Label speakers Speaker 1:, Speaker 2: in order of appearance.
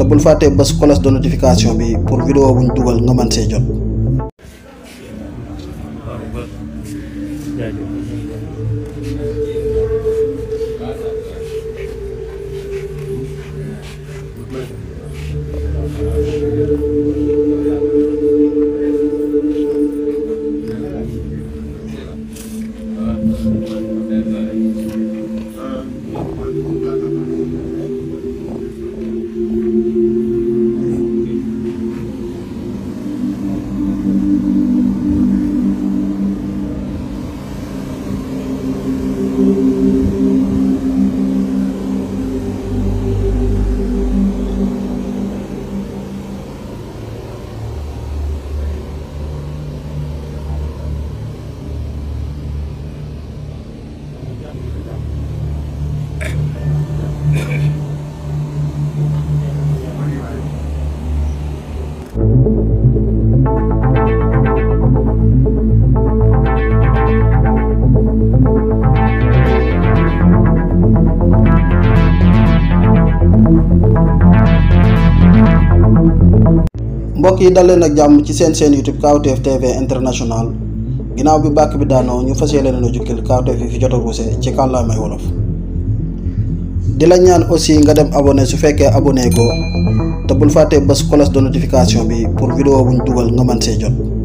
Speaker 1: te bul fàttee bés cloche de notification bi pour vidéo buñ dugal nga mën see jot. Thank you. mbokk yi dalee leen jàmm ci seen seen YouTube Kawtef TV international ginnaaw bi bàkk bi daanoo ñu fas yéene na jukkil Kawtef yi fi jot a ruuse ci kàllaamay wolof. di la ñaan aussi nga dem abonné su fekkee abonné ko te bul fàtte bés cloche de notification bi pour vidéo buñ dugal nga mën see jot.